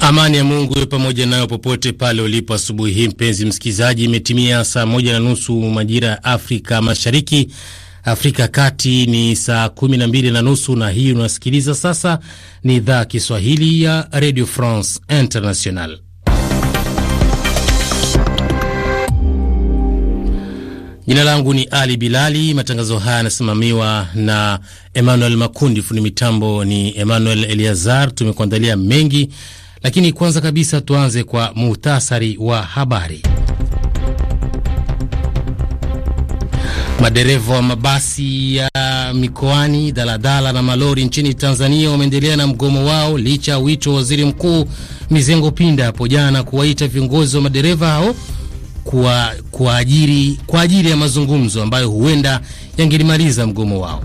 Amani ya Mungu iwe pamoja nayo popote pale ulipo. Asubuhi hii mpenzi msikilizaji, imetimia saa moja na nusu majira ya Afrika Mashariki, Afrika Kati ni saa kumi na mbili na nusu na hii unasikiliza sasa ni idhaa Kiswahili ya Radio France International. Jina langu ni Ali Bilali. Matangazo haya yanasimamiwa na Emmanuel Makundi, fundi mitambo ni Emmanuel Eliazar. Tumekuandalia mengi lakini kwanza kabisa tuanze kwa muhtasari wa habari. Madereva wa mabasi ya mikoani, daladala na malori nchini Tanzania wameendelea na mgomo wao licha ya wito wa waziri mkuu Mizengo Pinda hapo jana kuwaita viongozi wa madereva hao kwa, kwa, ajili, kwa ajili ya mazungumzo ambayo huenda yangelimaliza mgomo wao.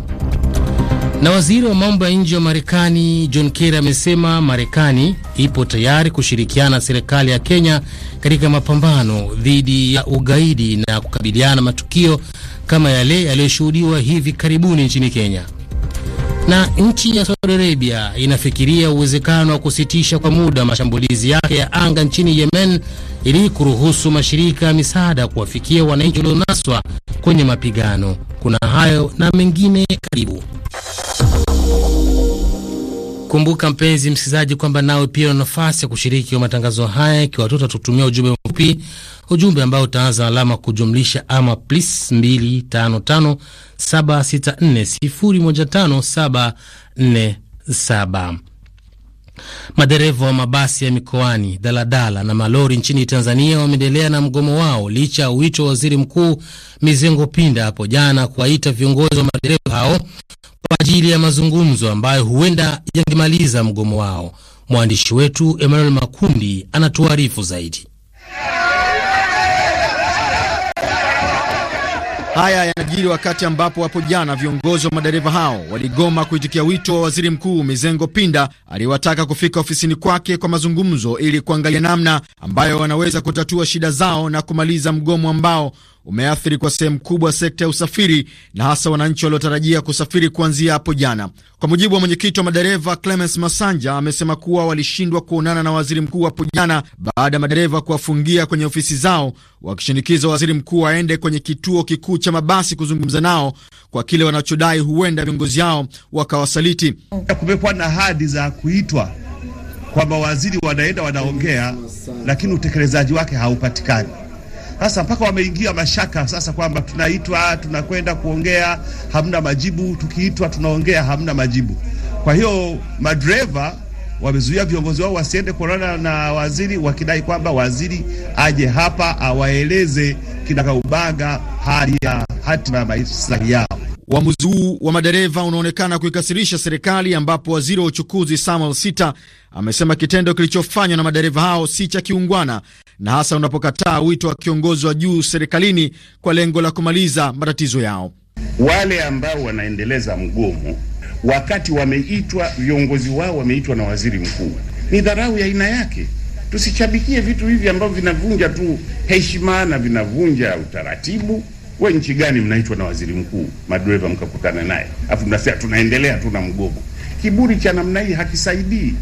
Na waziri wa mambo ya nje wa Marekani John Kerry amesema Marekani ipo tayari kushirikiana na serikali ya Kenya katika mapambano dhidi ya ugaidi na kukabiliana matukio kama yale yaliyoshuhudiwa hivi karibuni nchini Kenya na nchi ya Saudi Arabia inafikiria uwezekano wa kusitisha kwa muda mashambulizi yake ya anga nchini Yemen ili kuruhusu mashirika ya misaada kuwafikia wananchi walionaswa kwenye mapigano. Kuna hayo na mengine, karibu Kumbuka mpenzi msikilizaji, kwamba nawe pia una nafasi ya kushiriki matangazo haya ikiwa tu utatutumia ujumbe mfupi, ujumbe ambao utaanza alama kujumlisha ama plus 255 764 Madereva wa mabasi ya mikoani, daladala na malori nchini Tanzania wameendelea na mgomo wao licha ya wito wa waziri mkuu Mizengo Pinda hapo jana kuwaita viongozi wa madereva hao kwa ajili ya mazungumzo ambayo huenda yangemaliza mgomo wao. Mwandishi wetu Emmanuel Makundi anatuarifu zaidi. Haya yanajiri wakati ambapo hapo jana viongozi wa madereva hao waligoma kuitikia wito wa waziri mkuu Mizengo Pinda aliyewataka kufika ofisini kwake kwa mazungumzo ili kuangalia namna ambayo wanaweza kutatua shida zao na kumaliza mgomo ambao umeathiri kwa sehemu kubwa sekta ya usafiri na hasa wananchi waliotarajia kusafiri kuanzia hapo jana. Kwa mujibu wa mwenyekiti wa madereva Clemens Masanja, amesema kuwa walishindwa kuonana na waziri mkuu hapo jana baada ya madereva kuwafungia kwenye ofisi zao, wakishinikiza waziri mkuu aende kwenye kituo kikuu cha mabasi kuzungumza nao kwa kile wanachodai huenda viongozi yao wakawasaliti. Kumekuwa na hadi za kuitwa kwamba waziri wanaenda wanaongea, lakini utekelezaji wake haupatikani. Sasa mpaka wameingia mashaka sasa kwamba tunaitwa tunakwenda kuongea hamna majibu, tukiitwa tunaongea hamna majibu. Kwa hiyo madereva wamezuia viongozi wao wasiende kuonana na waziri, wakidai kwamba waziri aje hapa awaeleze kinakaubaga hali ya hatima ya maslahi yao. Uamuzi huu wa madereva unaonekana kuikasirisha serikali, ambapo waziri wa uchukuzi Samuel Sita amesema kitendo kilichofanywa na madereva hao si cha kiungwana, na hasa unapokataa wito wa kiongozi wa juu serikalini kwa lengo la kumaliza matatizo yao. Wale ambao wanaendeleza mgomo wakati wameitwa, viongozi wao wameitwa na waziri mkuu, ni dharau ya aina yake. Tusichabikie vitu hivi ambavyo vinavunja tu heshima na vinavunja utaratibu. We nchi gani mnaitwa na waziri mkuu madereva mkakutana naye afu mnasema tunaendelea tu na mgomo? Kiburi cha namna hii hakisaidii,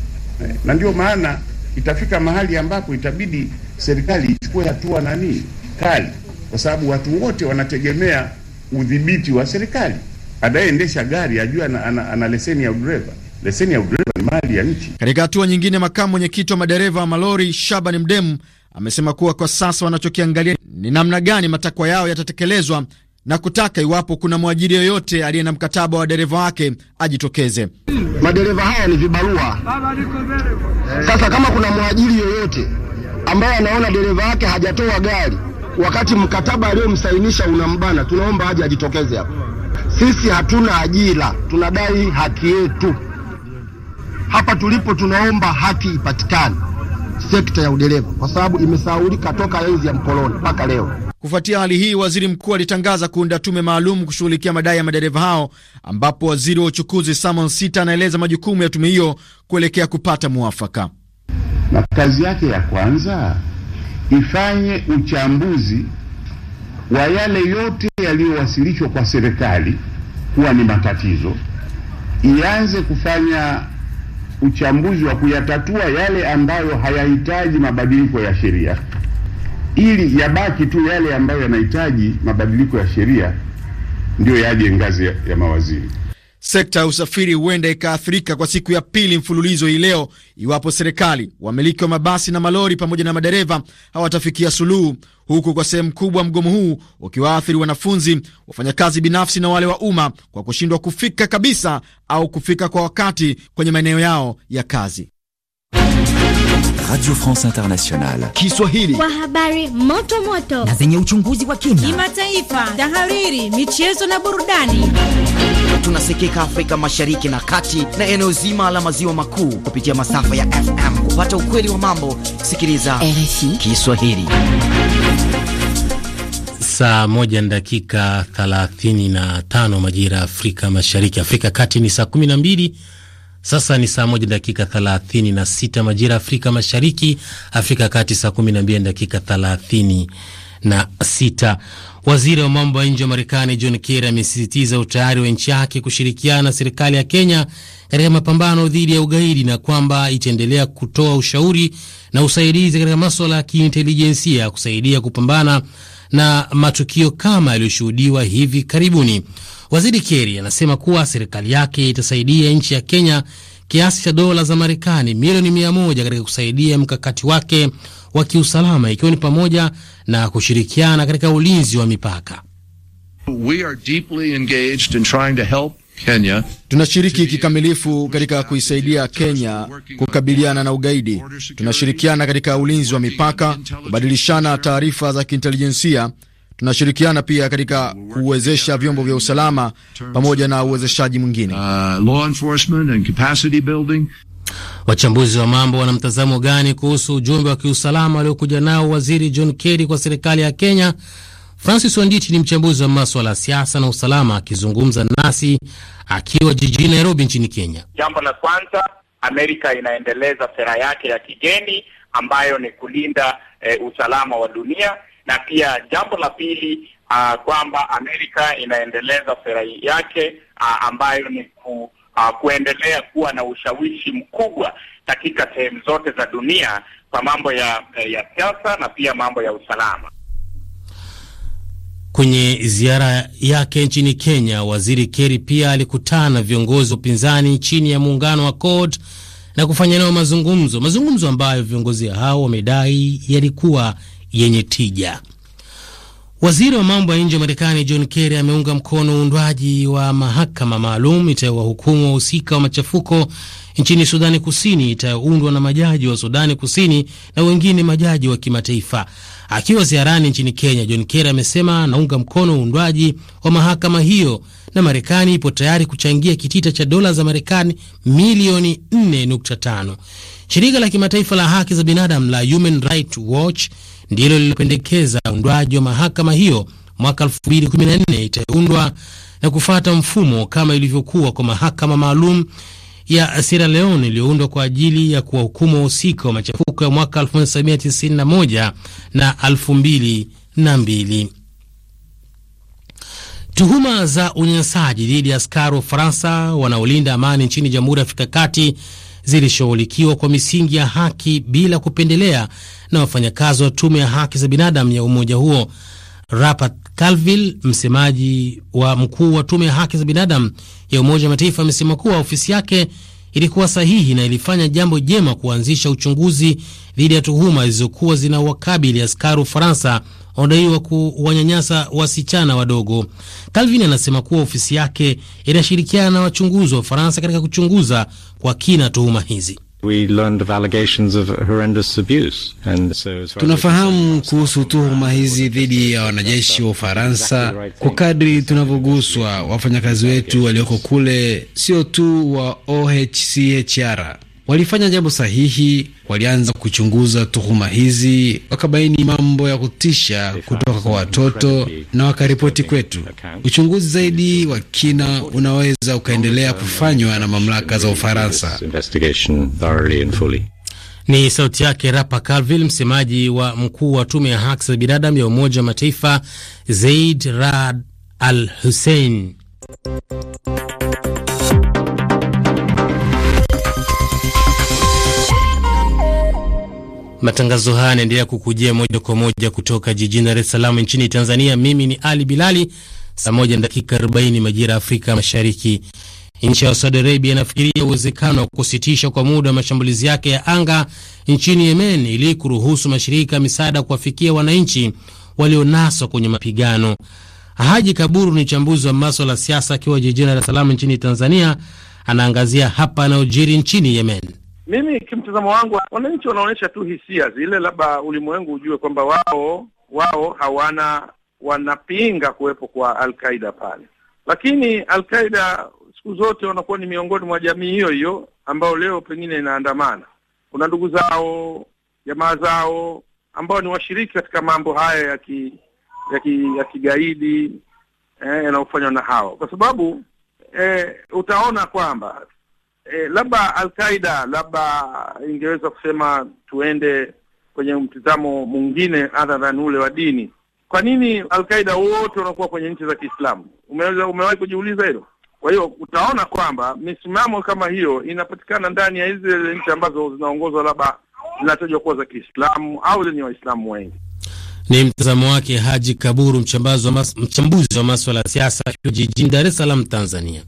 eh, na ndio maana itafika mahali ambapo itabidi serikali ichukue hatua nani kali, kwa sababu watu wote wanategemea udhibiti wa serikali. Anayeendesha gari ajue ana, ana, ana leseni ya udereva. Leseni ya udereva ni mali ya nchi. Katika hatua nyingine, makamu mwenyekiti wa madereva wa malori Shabani Mdemu amesema kuwa kwa sasa wanachokiangalia ni namna gani matakwa yao yatatekelezwa na kutaka iwapo kuna mwajiri yoyote aliye na mkataba wa dereva wake ajitokeze. Madereva haya ni vibarua. Sasa kama kuna mwajiri yoyote ambaye anaona dereva wake hajatoa gari wakati mkataba aliyomsainisha unambana, tunaomba aje ajitokeze hapa. Sisi hatuna ajira, tunadai haki yetu. Hapa tulipo tunaomba haki ipatikane sekta ya udereva kwa sababu imesahaulika toka enzi ya mkoloni mpaka leo. Kufuatia hali hii, waziri mkuu alitangaza kuunda tume maalum kushughulikia madai ya madereva hao, ambapo waziri wa uchukuzi Simon Sita anaeleza majukumu ya tume hiyo kuelekea kupata mwafaka. Na kazi yake ya kwanza ifanye uchambuzi wa yale yote yaliyowasilishwa kwa serikali kuwa ni matatizo, ianze kufanya uchambuzi wa kuyatatua yale ambayo hayahitaji mabadiliko ya sheria ili yabaki tu yale ambayo yanahitaji mabadiliko ya sheria ndiyo yaje ngazi ya, ya mawaziri. Sekta ya usafiri huenda ikaathirika kwa siku ya pili mfululizo hii leo iwapo serikali, wamiliki wa mabasi na malori pamoja na madereva hawatafikia suluhu, huku kwa sehemu kubwa mgomo huu ukiwaathiri wanafunzi, wafanyakazi binafsi na wale wa umma kwa kushindwa kufika kabisa au kufika kwa wakati kwenye maeneo yao ya kazi. Radio France Internationale Kiswahili, kwa habari moto moto na zenye uchunguzi wa kina, kimataifa, tahariri, michezo na burudani. Tunasikika Afrika Mashariki na Kati na eneo zima la maziwa makuu kupitia masafa ya FM. Kupata ukweli wa mambo, sikiliza RFI Kiswahili. Saa moja na dakika 35 majira ya Afrika Mashariki, Afrika Kati ni saa 12 sasa ni saa moja dakika thelathini na sita majira Afrika Mashariki, Afrika Kati saa kumi na mbili dakika thelathini na sita. Waziri wa mambo ya nje wa Marekani John Kerry amesisitiza utayari wa nchi yake kushirikiana na serikali ya Kenya katika mapambano dhidi ya ugaidi na kwamba itaendelea kutoa ushauri na usaidizi katika maswala ya kiintelijensia kusaidia kupambana na matukio kama yaliyoshuhudiwa hivi karibuni. Waziri keri anasema kuwa serikali yake itasaidia nchi ya Kenya kiasi cha dola za Marekani milioni mia moja katika kusaidia mkakati wake wa kiusalama ikiwa ni pamoja na kushirikiana katika ulinzi wa mipaka. We are deeply engaged in trying to help Kenya. Tunashiriki kikamilifu katika kuisaidia Kenya kukabiliana na ugaidi. Tunashirikiana katika ulinzi wa mipaka, kubadilishana taarifa za kiintelijensia tunashirikiana pia katika kuwezesha vyombo vya usalama pamoja na uwezeshaji mwingine. Uh, Wachambuzi wa mambo wana mtazamo gani kuhusu ujumbe wa kiusalama waliokuja nao Waziri John Kerry kwa serikali ya Kenya? Francis Wandichi ni mchambuzi wa maswala ya siasa na usalama akizungumza nasi akiwa jijini Nairobi nchini Kenya. Jambo la kwanza, Amerika inaendeleza sera yake ya kigeni ambayo ni kulinda eh, usalama wa dunia na pia jambo la pili uh, kwamba Amerika inaendeleza sera yake uh, ambayo ni ku, uh, kuendelea kuwa na ushawishi mkubwa katika sehemu zote za dunia kwa mambo ya ya siasa na pia mambo ya usalama. Kwenye ziara yake nchini Kenya, Waziri keri pia alikutana na viongozi wa upinzani chini ya muungano wa CORD na kufanya nao mazungumzo, mazungumzo ambayo viongozi hao wamedai yalikuwa yenye tija. Waziri wa mambo ya nje wa Marekani John Kerry ameunga mkono uundwaji wa mahakama maalum itayowahukumu wahusika wa machafuko nchini Sudani Kusini itayoundwa na majaji wa Sudani Kusini na wengine majaji wa kimataifa. Akiwa ziarani nchini Kenya, John Kerry amesema anaunga mkono uundwaji wa mahakama hiyo na Marekani ipo tayari kuchangia kitita cha dola za Marekani milioni 4.5. Shirika la kimataifa la haki za binadamu la Human Rights Watch ndilo lililopendekeza uundwaji wa mahakama hiyo mwaka 2014 itayoundwa na kufata mfumo kama ilivyokuwa kwa mahakama maalum ya Sierra Leone iliyoundwa kwa ajili ya kuwahukumu wahusika wa machafuko ya mwaka 1991 na 2002. Tuhuma za unyanyasaji dhidi ya askari wa Ufaransa wanaolinda amani nchini Jamhuri ya Afrika Kati zilishughulikiwa kwa misingi ya haki bila kupendelea na wafanyakazi wa tume ya haki za binadamu ya umoja huo. Rapat calvil msemaji wa mkuu wa tume ya haki za binadamu ya Umoja wa Mataifa, amesema kuwa ofisi yake ilikuwa sahihi na ilifanya jambo jema kuanzisha uchunguzi dhidi ya tuhuma zilizokuwa zinawakabili askari Ufaransa wanadaiwa kuwanyanyasa wasichana wadogo. Calvin anasema kuwa ofisi yake inashirikiana na wachunguzi wa Ufaransa katika kuchunguza kwa kina tuhuma hizi. Tunafahamu kuhusu tuhuma hizi dhidi ya wanajeshi wa Ufaransa. Kwa kadri tunavyoguswa, wafanyakazi wetu walioko kule, sio tu wa OHCHR, walifanya jambo sahihi, walianza kuchunguza tuhuma hizi, wakabaini mambo ya kutisha kutoka kwa watoto na wakaripoti kwetu. Uchunguzi zaidi wa kina unaweza ukaendelea kufanywa na mamlaka za Ufaransa. Ni sauti yake Rapa Kalvil, msemaji wa mkuu wa tume ya haki za binadamu ya Umoja wa Mataifa Zaid Rad Al Hussein. Matangazo haya yanaendelea kukujia moja kwa moja kutoka jijini Dar es Salaam nchini Tanzania. Mimi ni Ali Bilali. Saa moja na dakika 40 majira ya Afrika Mashariki. Nchi ya Saudi Arabia inafikiria uwezekano wa kusitisha kwa muda mashambulizi yake ya anga nchini Yemen ili kuruhusu mashirika ya misaada kuwafikia wananchi walionaswa kwenye mapigano. Haji Kaburu ni mchambuzi wa maswala ya siasa akiwa jijini Dar es Salaam nchini Tanzania, anaangazia hapa yanayojiri nchini Yemen. Mimi kimtazamo wangu, wananchi wanaonyesha tu hisia zile, labda ulimwengu ujue kwamba wao wao hawana, wanapinga kuwepo kwa Alqaida pale, lakini Alqaida siku zote wanakuwa ni miongoni mwa jamii hiyo hiyo ambayo leo pengine inaandamana. Kuna ndugu zao, jamaa zao ambao ni washiriki katika mambo haya ya ki, ya, ki, ya kigaidi eh, yanayofanywa na hawa kwa sababu eh, utaona kwamba eh, labda alqaida labda ingeweza kusema tuende kwenye mtizamo mwingine other than ule wa dini. Kwa nini alqaida wote wanakuwa kwenye nchi za Kiislamu? Umeweza umewahi kujiuliza hilo? Kwa hiyo utaona kwamba misimamo kama hiyo inapatikana ndani ya hizi nchi ambazo zinaongozwa labda zinatajwa kuwa za Kiislamu au zenye Waislamu wengi. Ni mtazamo wake Haji Kaburu, mchambuzi wa maswala ya siasa, jijini Dar es Salaam, Tanzania.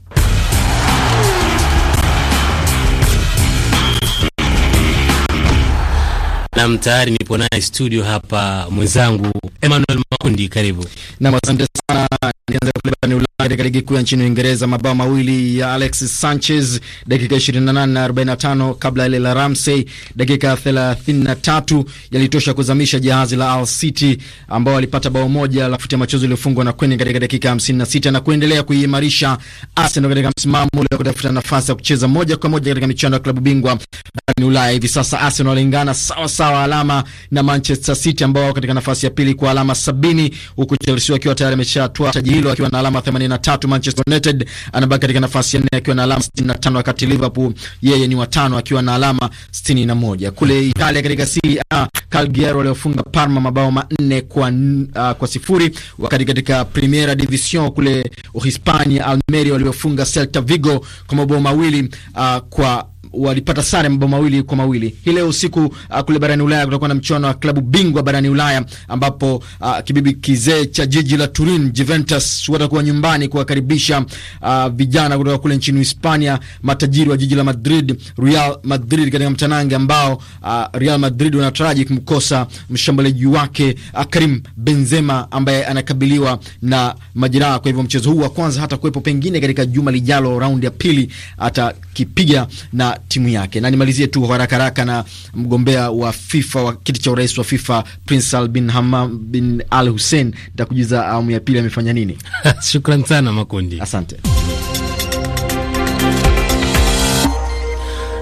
Nam, tayari nipo naye studio hapa mwenzangu Emmanuel Makundi, karibu. Nam, asante sana. Nianze kule barani katika ligi kuu ya nchini Uingereza, mabao mawili ya Alexis Sanchez dakika 28 na 45, kabla ile la Ramsey dakika 33 yalitosha kuzamisha jahazi la Al City ambao walipata bao moja la kufutia machozi iliyofungwa na Kweni katika dakika 56 na na kuendelea kuimarisha Arsenal katika msimamo ule wa kutafuta nafasi ya kucheza moja kwa moja katika michuano ya klabu bingwa barani Ulaya. Hivi sasa Arsenal walingana sawa sawa alama na Manchester City ambao wako katika nafasi ya pili kwa alama sabini, huku Chelsea wakiwa tayari wameshatwaa taji hilo wakiwa na alama 80. 83. Manchester United anabaki katika nafasi ya nne akiwa na alama 65, wakati Liverpool yeye ni watano akiwa na alama 61. Kule Italia katika Serie A Cagliari waliofunga Parma mabao manne kwa, uh, kwa sifuri, wakati katika Primera Division kule Uhispania Almeria waliofunga Celta Vigo kwa mabao mawili uh, kwa walipata sare mabao mawili kwa mawili. Hii leo usiku uh, kule barani Ulaya kutakuwa na mchuano wa klabu bingwa barani Ulaya ambapo uh, kibibi kizee cha jiji la Turin Juventus watakuwa nyumbani kuwakaribisha uh, vijana kutoka kule nchini Hispania, matajiri wa jiji la Madrid, Real Madrid, katika mtanange ambao uh, Real Madrid wanataraji kumkosa mshambuliaji wake uh, Karim Benzema ambaye anakabiliwa na majeraha. Kwa hivyo mchezo huu wa kwanza hata kuwepo, pengine katika juma lijalo, raundi ya pili atakipiga na timu yake. Na nimalizie tu haraka haraka na mgombea wa FIFA wa kiti cha urais wa FIFA Prince Al bin Hamam bin Al Hussein. Nitakujuza awamu ya pili amefanya nini. Shukran sana Makundi, asante.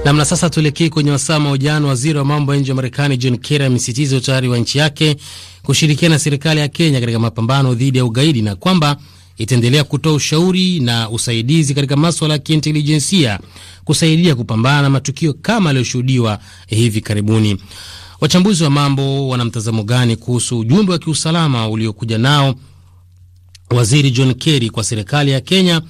Namna sasa, tuelekee kwenye wasaa mahojiano. Waziri wa mambo ya nje wa Marekani John Kerry amesisitiza utayari wa nchi yake kushirikiana na serikali ya Kenya katika mapambano dhidi ya ugaidi na kwamba itaendelea kutoa ushauri na usaidizi katika maswala ya kiintelijensia kusaidia kupambana na matukio kama yaliyoshuhudiwa hivi karibuni. Wachambuzi wa mambo wana mtazamo gani kuhusu ujumbe wa kiusalama uliokuja nao Waziri John Kerry kwa serikali ya Kenya?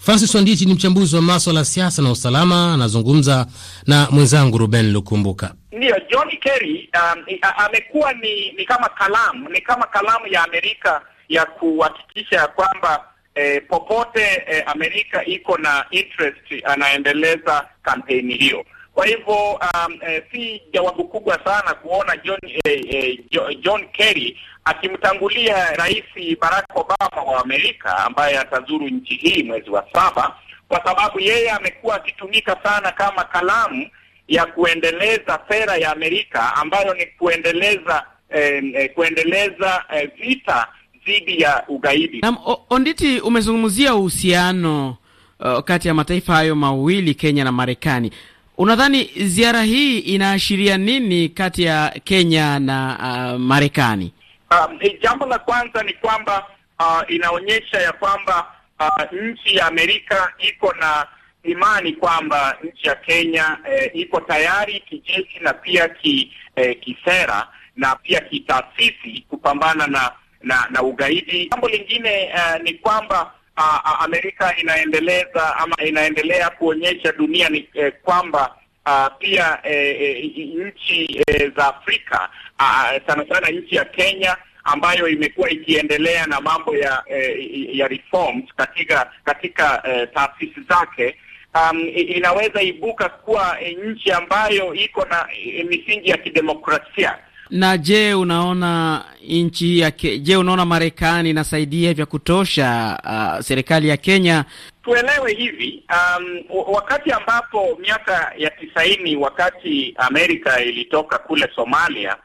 Francis Wandichi ni mchambuzi wa maswala ya siasa na usalama, anazungumza na mwenzangu Ruben Lukumbuka. Ndiyo, John Kerry um, amekuwa ni, ni kama kalamu ni kama kalamu ya Amerika ya kuhakikisha kwamba eh, popote eh, Amerika iko na interest anaendeleza kampeni hiyo. Kwa hivyo um, eh, si jawabu kubwa sana kuona John, eh, eh, John Kerry akimtangulia Rais Barack Obama wa Amerika ambaye atazuru nchi hii mwezi wa saba, kwa sababu yeye amekuwa akitumika sana kama kalamu ya kuendeleza sera ya Amerika ambayo ni kuendeleza eh, eh kuendeleza eh, vita dhidi ya ugaidi. Na Onditi, umezungumzia uhusiano uh, kati ya mataifa hayo mawili Kenya na Marekani. Unadhani ziara hii inaashiria nini kati ya Kenya na uh, Marekani? Um, eh, jambo la kwanza ni kwamba uh, inaonyesha ya kwamba uh, nchi ya Amerika iko na imani kwamba nchi ya Kenya eh, iko tayari kijeshi na pia ki, eh, kisera na pia kitaasisi kupambana na na na ugaidi. Jambo lingine uh, ni kwamba uh, Amerika inaendeleza ama inaendelea kuonyesha dunia ni eh, kwamba Uh, pia eh, eh, nchi eh, za Afrika uh, sana sana nchi ya Kenya ambayo imekuwa ikiendelea na mambo ya eh, ya reforms katika katika eh, taasisi zake um, inaweza ibuka kuwa eh, nchi ambayo iko na misingi ya kidemokrasia na je, unaona nchi ya ke, je unaona Marekani inasaidia vya kutosha uh, serikali ya Kenya? Tuelewe hivi um, wakati ambapo miaka ya tisaini wakati Amerika ilitoka kule Somalia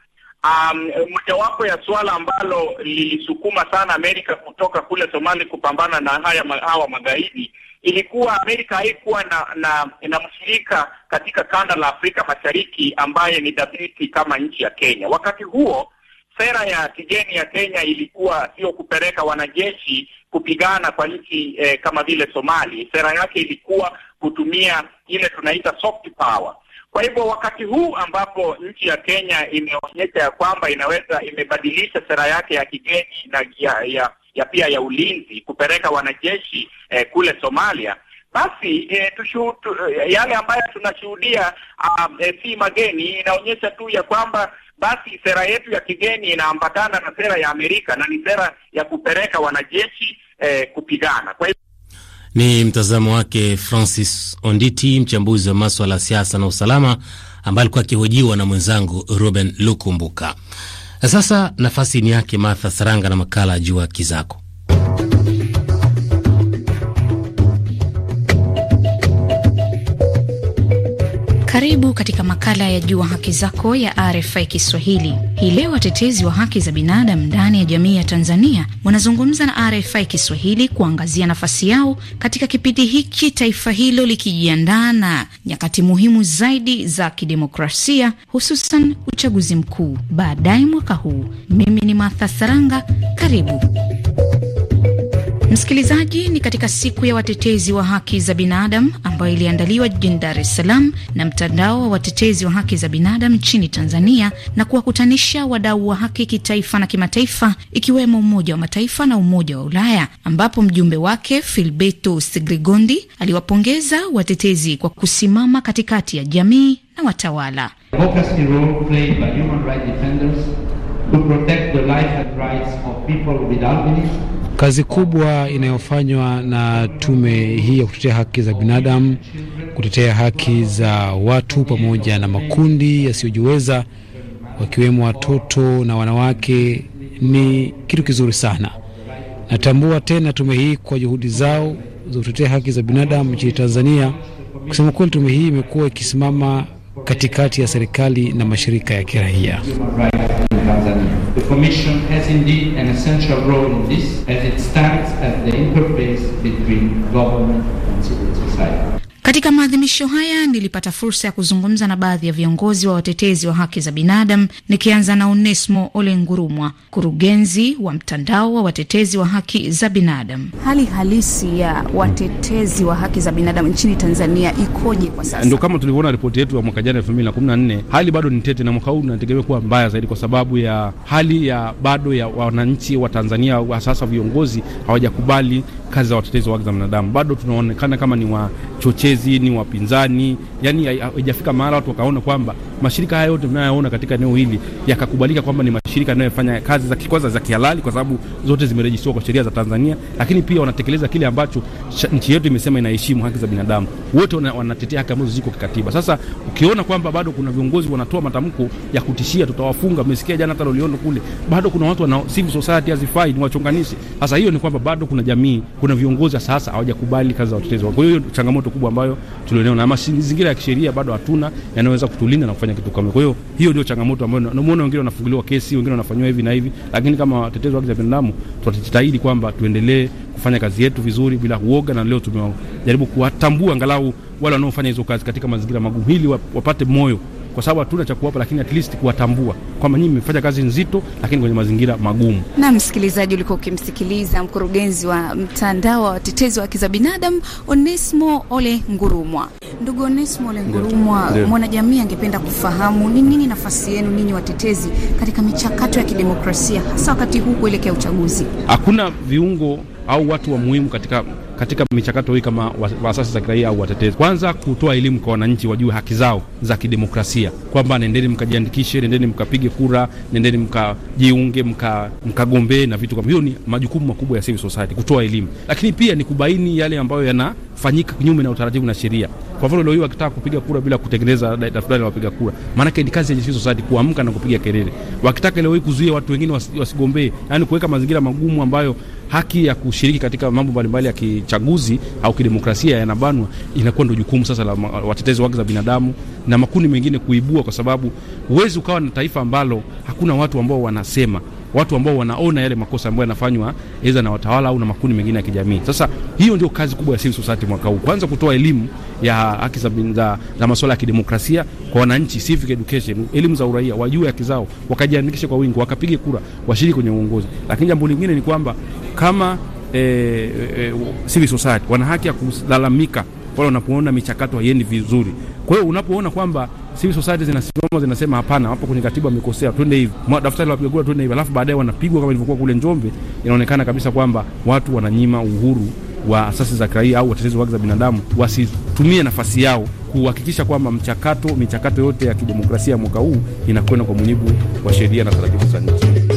Um, mojawapo ya suala ambalo lilisukuma sana Amerika kutoka kule Somalia kupambana na haya hawa magaidi ilikuwa Amerika haikuwa na, na, na mshirika katika kanda la Afrika Mashariki ambaye ni dhabiti kama nchi ya Kenya. Wakati huo sera ya kigeni ya Kenya ilikuwa sio kupeleka wanajeshi kupigana kwa nchi eh, kama vile Somali. Sera yake ilikuwa kutumia ile tunaita soft power. Kwa hivyo wakati huu ambapo nchi ya Kenya imeonyesha ya kwamba inaweza imebadilisha sera yake ya kigeni na ya, ya ya pia ya ulinzi kupeleka wanajeshi eh, kule Somalia, basi eh, tushu, tu, eh, yale ambayo tunashuhudia um, eh, si mageni. Inaonyesha tu ya kwamba basi sera yetu ya kigeni inaambatana na sera ya Amerika na ni sera ya kupeleka wanajeshi eh, kupigana kwa ni mtazamo wake Francis Onditi, mchambuzi wa maswala ya siasa na usalama, ambaye alikuwa akihojiwa na mwenzangu Ruben Lukumbuka. Na sasa nafasi ni yake Martha Saranga na makala ya Jua Haki Zako. Karibu katika makala ya Jua Haki Zako ya RFI Kiswahili. Hii leo watetezi wa haki za binadamu ndani ya jamii ya Tanzania wanazungumza na RFI Kiswahili kuangazia nafasi yao katika kipindi hiki, taifa hilo likijiandaa na nyakati muhimu zaidi za kidemokrasia, hususan uchaguzi mkuu baadaye mwaka huu. Mimi ni Martha Saranga, karibu. Msikilizaji, ni katika siku ya watetezi wa haki za binadamu ambayo iliandaliwa jijini Dar es Salaam na mtandao wa watetezi wa haki za binadamu nchini Tanzania na kuwakutanisha wadau wa haki kitaifa na kimataifa ikiwemo Umoja wa Mataifa na Umoja wa Ulaya, ambapo mjumbe wake Filbeto Sigrigondi aliwapongeza watetezi kwa kusimama katikati ya jamii na watawala. The Kazi kubwa inayofanywa na tume hii ya kutetea haki za binadamu, kutetea haki za watu pamoja na makundi yasiyojiweza, wakiwemo watoto na wanawake, ni kitu kizuri sana. Natambua tena tume hii kwa juhudi zao za kutetea haki za binadamu nchini Tanzania. Kusema kweli, tume hii imekuwa ikisimama katikati ya serikali na mashirika ya kiraia. The Commission has indeed an essential role in this as it stands at the interface between government and civil society. Katika maadhimisho haya nilipata fursa ya kuzungumza na baadhi ya viongozi wa watetezi wa haki za binadamu, nikianza na Onesmo Ole Ngurumwa, mkurugenzi wa mtandao wa watetezi wa haki za binadamu. Hali halisi ya watetezi wa haki za binadamu nchini Tanzania ikoje kwa sasa? Ndio kama tulivyoona ripoti yetu ya mwaka jana nne, hali bado ni tete, na mwaka huu unategemea kuwa mbaya zaidi, kwa sababu ya hali ya bado ya wananchi wa Tanzania, sasa viongozi hawajakubali kazi za watetezi wa haki za binadamu, bado tunaonekana kama ni wachochezi watetezi ni wapinzani, yani haijafika mahala watu wakaona kwamba mashirika haya yote mnayoona katika eneo hili yakakubalika kwamba ni mashirika yanayofanya kazi za kikwaza za kihalali, kwa sababu zote zimerejistriwa kwa sheria za Tanzania, lakini pia wanatekeleza kile ambacho nchi yetu imesema inaheshimu haki za binadamu. Wote wanatetea haki ambazo ziko kikatiba. Sasa ukiona kwamba bado kuna viongozi wanatoa matamko ya kutishia, tutawafunga, Umesikia jana hata Loliondo kule, bado kuna watu wana civil society hazifai, ni wachonganishi. Sasa hiyo ni kwamba bado kuna jamii, kuna viongozi sasa hawajakubali kazi za watetezi. Kwa hiyo changamoto kubwa ambayo tulionao na mazingira ya kisheria bado hatuna yanaweza kutulinda na kufanya kufanya kitu kama. Kwa hiyo hiyo ndio changamoto ambayo namuona, wengine wanafunguliwa kesi, wengine wanafanywa hivi na hivi, lakini kama watetezi wa haki za binadamu tutajitahidi kwamba tuendelee kufanya kazi yetu vizuri bila uoga, na leo tumejaribu kuwatambua angalau wale wanaofanya hizo kazi katika mazingira magumu, hili wapate moyo kwa sababu hatuna cha kuwapa, lakini at least kuwatambua kwamba nyinyi mmefanya kazi nzito, lakini kwenye mazingira magumu. Na msikilizaji, ulikuwa ukimsikiliza mkurugenzi wa mtandao wa watetezi wa haki za binadamu Onesmo Ole Ngurumwa. Ndugu Onesmo Ole Ngurumwa, mwanajamii angependa kufahamu ni nini nafasi yenu ninyi watetezi katika michakato ya kidemokrasia hasa wakati huu kuelekea uchaguzi. Hakuna viungo au watu wa muhimu katika katika michakato hii kama waasasi za kiraia au watetezi. Kwanza kutoa elimu kwa wananchi wajue haki zao za kidemokrasia, kwamba nendeni mkajiandikishe, nendeni mkapige kura, nendeni mkajiunge, mkagombee na vitu kama hiyo. Ni majukumu makubwa ya civil society kutoa elimu, lakini pia ni kubaini yale ambayo yanafanyika kinyume na utaratibu na sheria. Kwa mfano, leo hii wakitaka kupiga kura bila kutengeneza daftari la wapiga kura, maanake ni kazi ya civil society kuamka na kupiga kelele. Wakitaka leo hii kuzuia watu wengine wasigombee, yani kuweka mazingira magumu ambayo haki ya kushiriki katika mambo mbalimbali ya kichaguzi au kidemokrasia yanabanwa, inakuwa ndio jukumu sasa la watetezi wa haki za binadamu na makundi mengine kuibua, kwa sababu huwezi ukawa na taifa ambalo hakuna watu ambao wanasema watu ambao wanaona yale makosa ambayo yanafanywa aidha na watawala au na makundi mengine ya kijamii. Sasa hiyo ndio kazi kubwa ya civil society mwaka huu, kwanza kutoa elimu ya haki za, za masuala ya kidemokrasia kwa wananchi, civic education, elimu za uraia, wajue haki zao, wakajiandikishe kwa wingi, wakapige kura, washiriki kwenye uongozi. Lakini jambo lingine ni kwamba kama e, e, civil society wana haki ya kulalamika pale wanapoona michakato haiendi vizuri. Kwa hiyo unapoona kwamba civil society zinasimama zinasema hapana, hapo kwenye katiba wamekosea, twende hivi, daftari la wapiga kura twende hivi, alafu baadaye wanapigwa kama ilivyokuwa kule Njombe. Inaonekana kabisa kwamba watu wananyima uhuru wa asasi za kiraia au watetezi wa haki za binadamu wasitumie nafasi yao kuhakikisha kwamba mchakato michakato yote ya kidemokrasia mwaka huu inakwenda kwa mujibu wa sheria na taratibu za nchi.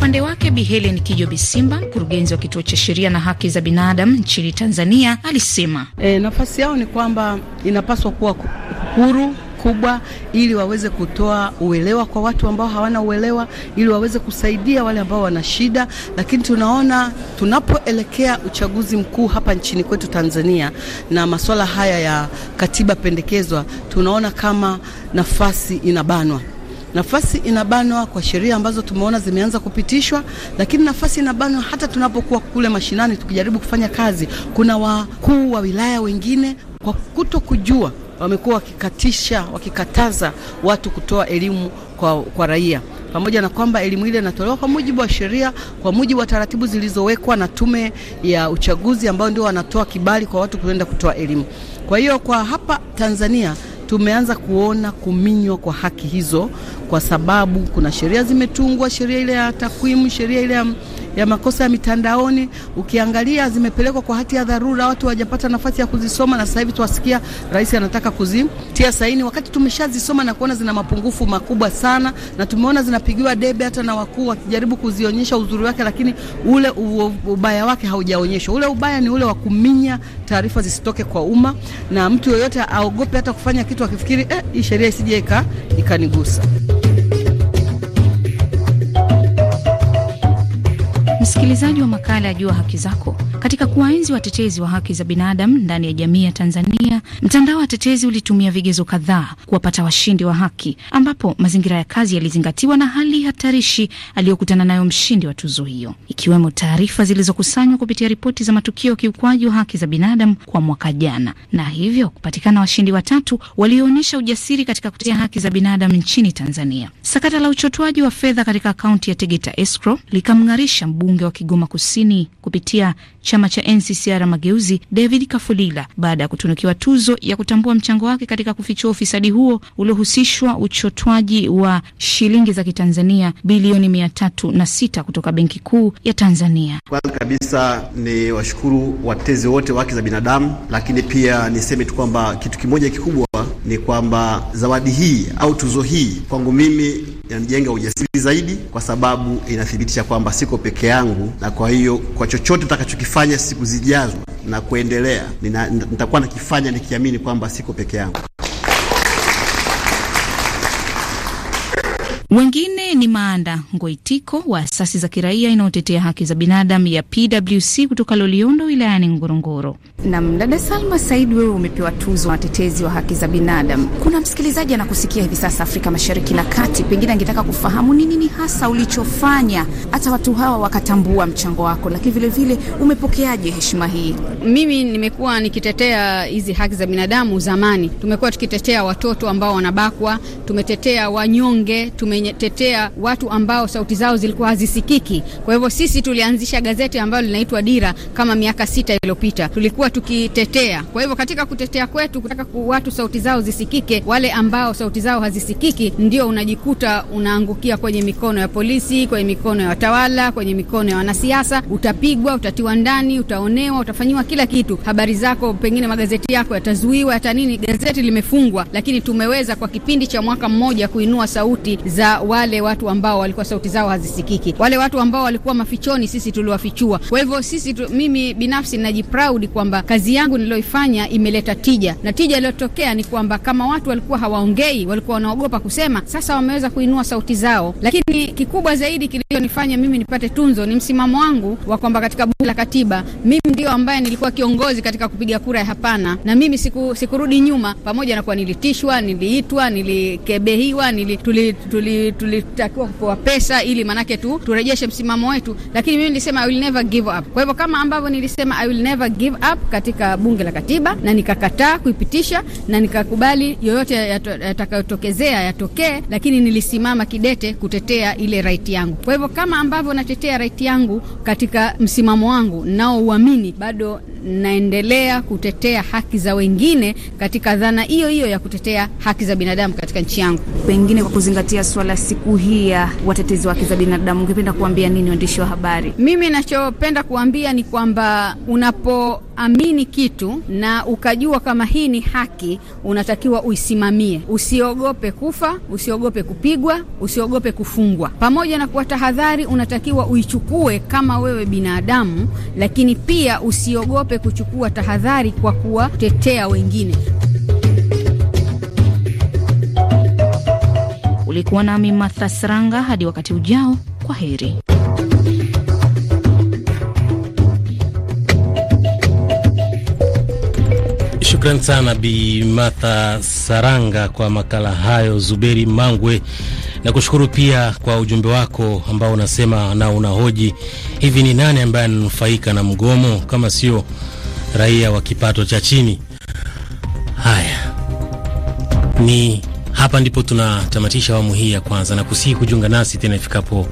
upande wake Bi Helen Kijo Bisimba, mkurugenzi wa kituo cha sheria na haki za binadamu nchini Tanzania, alisema e, nafasi yao ni kwamba inapaswa kuwa huru kubwa ili waweze kutoa uelewa kwa watu ambao hawana uelewa, ili waweze kusaidia wale ambao wana shida. Lakini tunaona tunapoelekea uchaguzi mkuu hapa nchini kwetu Tanzania, na masuala haya ya katiba pendekezwa, tunaona kama nafasi inabanwa. Nafasi inabanwa kwa sheria ambazo tumeona zimeanza kupitishwa, lakini nafasi inabanwa hata tunapokuwa kule mashinani tukijaribu kufanya kazi. Kuna wakuu wa wilaya wengine kwa kuto kujua wamekuwa wakikatisha, wakikataza watu kutoa elimu kwa, kwa raia pamoja na kwamba elimu ile inatolewa kwa mujibu wa sheria, kwa mujibu wa taratibu zilizowekwa na Tume ya Uchaguzi, ambao ndio wanatoa kibali kwa watu kuenda kutoa elimu. Kwa hiyo kwa hapa Tanzania tumeanza kuona kuminywa kwa haki hizo, kwa sababu kuna sheria zimetungwa, sheria ile ya takwimu, sheria ile ya ya makosa ya mitandaoni. Ukiangalia zimepelekwa kwa hati ya dharura, watu hawajapata nafasi ya kuzisoma, na sasa hivi tuwasikia rais anataka kuzitia saini, wakati tumeshazisoma na kuona zina mapungufu makubwa sana, na tumeona zinapigiwa debe hata na wakuu wakijaribu kuzionyesha uzuri wake, lakini ule ubaya wake haujaonyeshwa. Ule ubaya ni ule wa kuminya taarifa zisitoke kwa umma, na mtu yoyote aogope hata kufanya kitu akifikiri eh, hii sheria isije ikanigusa. Msikilizaji wa makala ya Jua Haki Zako, katika kuwaenzi watetezi wa haki za binadamu ndani ya jamii ya Tanzania, mtandao wa tetezi ulitumia vigezo kadhaa kuwapata washindi wa haki, ambapo mazingira ya kazi yalizingatiwa na hali hatarishi aliyokutana nayo mshindi wa tuzo hiyo, ikiwemo taarifa zilizokusanywa kupitia ripoti za matukio ya kiukwaji wa haki za binadamu kwa mwaka jana, na hivyo kupatikana washindi watatu walioonyesha ujasiri katika kutetea haki za binadamu nchini Tanzania. Sakata la uchotoaji wa fedha katika akaunti ya Tegeta Escrow likamng'arisha mbunge wa Kigoma Kusini kupitia chama cha NCCR Mageuzi David Kafulila baada ya kutunukiwa tuzo ya kutambua mchango wake katika kufichua ufisadi huo uliohusishwa uchotwaji wa shilingi za Kitanzania bilioni mia tatu na sita kutoka Benki Kuu ya Tanzania. Kwanza kabisa ni washukuru watetezi wote wa haki za binadamu, lakini pia niseme tu kwamba kitu kimoja kikubwa ni kwamba zawadi hii au tuzo hii kwangu mimi inanijenga ujasiri zaidi, kwa sababu inathibitisha kwamba siko peke yangu, na kwa hiyo kwa chochote takachokifanya kufanya siku zijazo na kuendelea, nitakuwa nakifanya nikiamini kwamba siko peke yangu. Wengine Naye ni Maanda Ngoitiko wa asasi za kiraia inayotetea haki za binadamu ya PWC kutoka Loliondo wilayani Ngorongoro. Nam dada Salma Said, wewe umepewa tuzo watetezi wa haki za binadamu. Kuna msikilizaji anakusikia hivi sasa Afrika Mashariki na Kati, pengine angetaka kufahamu ni nini hasa ulichofanya hata watu hawa wakatambua mchango wako, lakini vilevile umepokeaje heshima hii? Mimi nimekuwa nikitetea hizi haki za binadamu zamani, tumekuwa tukitetea watoto ambao wanabakwa, tumetetea wanyonge, tumetetea kuwatetea watu ambao sauti zao zilikuwa hazisikiki. Kwa hivyo sisi tulianzisha gazeti ambalo linaitwa Dira kama miaka sita iliyopita, tulikuwa tukitetea. Kwa hivyo katika kutetea kwetu kutaka ku watu sauti zao zisikike, wale ambao sauti zao hazisikiki ndio unajikuta unaangukia kwenye mikono ya polisi, kwenye mikono ya watawala, kwenye mikono ya wanasiasa. Utapigwa, utatiwa ndani, utaonewa, utafanyiwa kila kitu. Habari zako pengine magazeti yako yatazuiwa, hata nini. Gazeti limefungwa, lakini tumeweza kwa kipindi cha mwaka mmoja kuinua sauti za wale wa watu ambao walikuwa sauti zao hazisikiki, wale watu ambao walikuwa mafichoni, sisi tuliwafichua. Kwa hivyo sisi tu, mimi binafsi najiproud kwamba kazi yangu niliyoifanya imeleta tija, na tija iliyotokea ni kwamba kama watu walikuwa hawaongei, walikuwa wanaogopa kusema, sasa wameweza kuinua sauti zao. Lakini kikubwa zaidi kilichonifanya mimi nipate tunzo ni msimamo wangu wa kwamba katika bunge la katiba mimi ndio ambaye nilikuwa kiongozi katika kupiga kura ya hapana, na mimi siku, sikurudi nyuma, pamoja na kuwa nilitishwa, niliitwa, nilikebehiwa, nili, tuli, tuli, tuli, tuli tutakiwa kupewa pesa ili manake tu turejeshe msimamo wetu, lakini mimi nilisema I will never give up. Kwa hivyo kama ambavyo nilisema I will never give up katika bunge la katiba na nikakataa kuipitisha na nikakubali yoyote yatakayotokezea yatokee, lakini nilisimama kidete kutetea ile right yangu. Kwa hivyo kama ambavyo natetea right yangu katika msimamo wangu nao uamini, bado naendelea kutetea haki za wengine katika dhana hiyo hiyo ya kutetea haki za binadamu katika nchi yangu, pengine kwa kuzingatia swala siku hii hii ya watetezi wa haki za binadamu, ungependa kuambia nini waandishi wa habari? Mimi ninachopenda kuambia ni kwamba unapoamini kitu na ukajua kama hii ni haki, unatakiwa uisimamie. Usiogope kufa, usiogope kupigwa, usiogope kufungwa. Pamoja na kuwa tahadhari unatakiwa uichukue kama wewe binadamu, lakini pia usiogope kuchukua tahadhari kwa kuwatetea wengine. Ulikuwa nami Martha Saranga hadi wakati ujao, kwa heri. Shukran sana Bi Martha Saranga kwa makala hayo. Zuberi Mangwe na kushukuru pia kwa ujumbe wako ambao unasema na unahoji hivi, ni nani ambaye ananufaika na mgomo kama sio raia wa kipato cha chini? Haya ni hapa ndipo tunatamatisha awamu hii ya kwanza, na kusihi kujiunga nasi tena ifikapo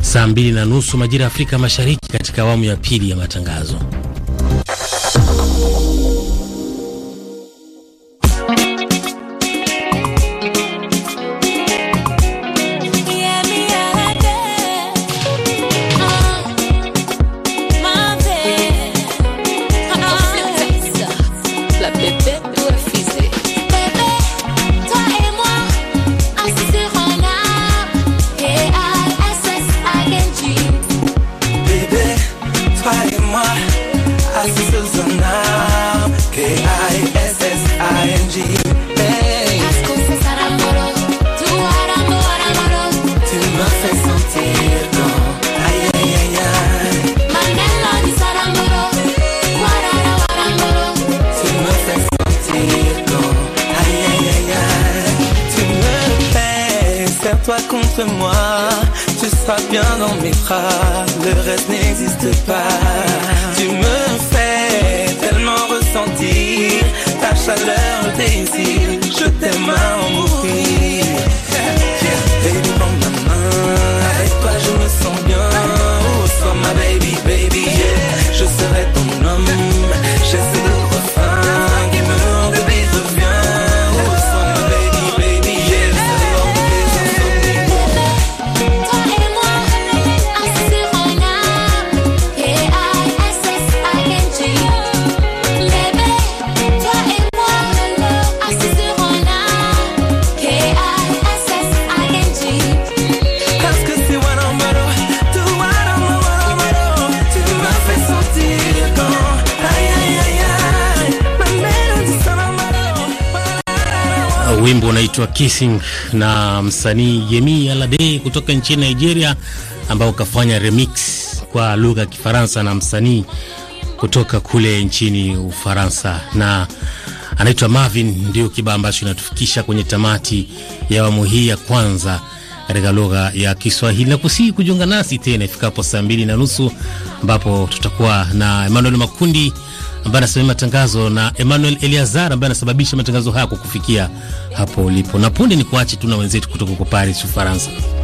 saa mbili na nusu majira ya Afrika Mashariki katika awamu ya pili ya matangazo. bien dans mes bras, le reste n'existe pas. Tu me fais tellement ressentir ta chaleur, le désir, je t'aime à en mourir. Wimbo unaitwa Kissing na msanii Yemi Alade kutoka nchini Nigeria, ambao ukafanya remix kwa lugha ya Kifaransa na msanii kutoka kule nchini Ufaransa na anaitwa Marvin. Ndio kibao ambacho inatufikisha kwenye tamati ya awamu hii ya kwanza katika lugha ya Kiswahili na kusihi kujiunga nasi tena ifikapo saa mbili na nusu ambapo tutakuwa na Emmanuel Makundi ambaye anasimamia matangazo na Emmanuel Eliazar ambaye anasababisha matangazo haya kukufikia hapo ulipo, na punde ni kuache tu na wenzetu kutoka kwa Paris, Ufaransa.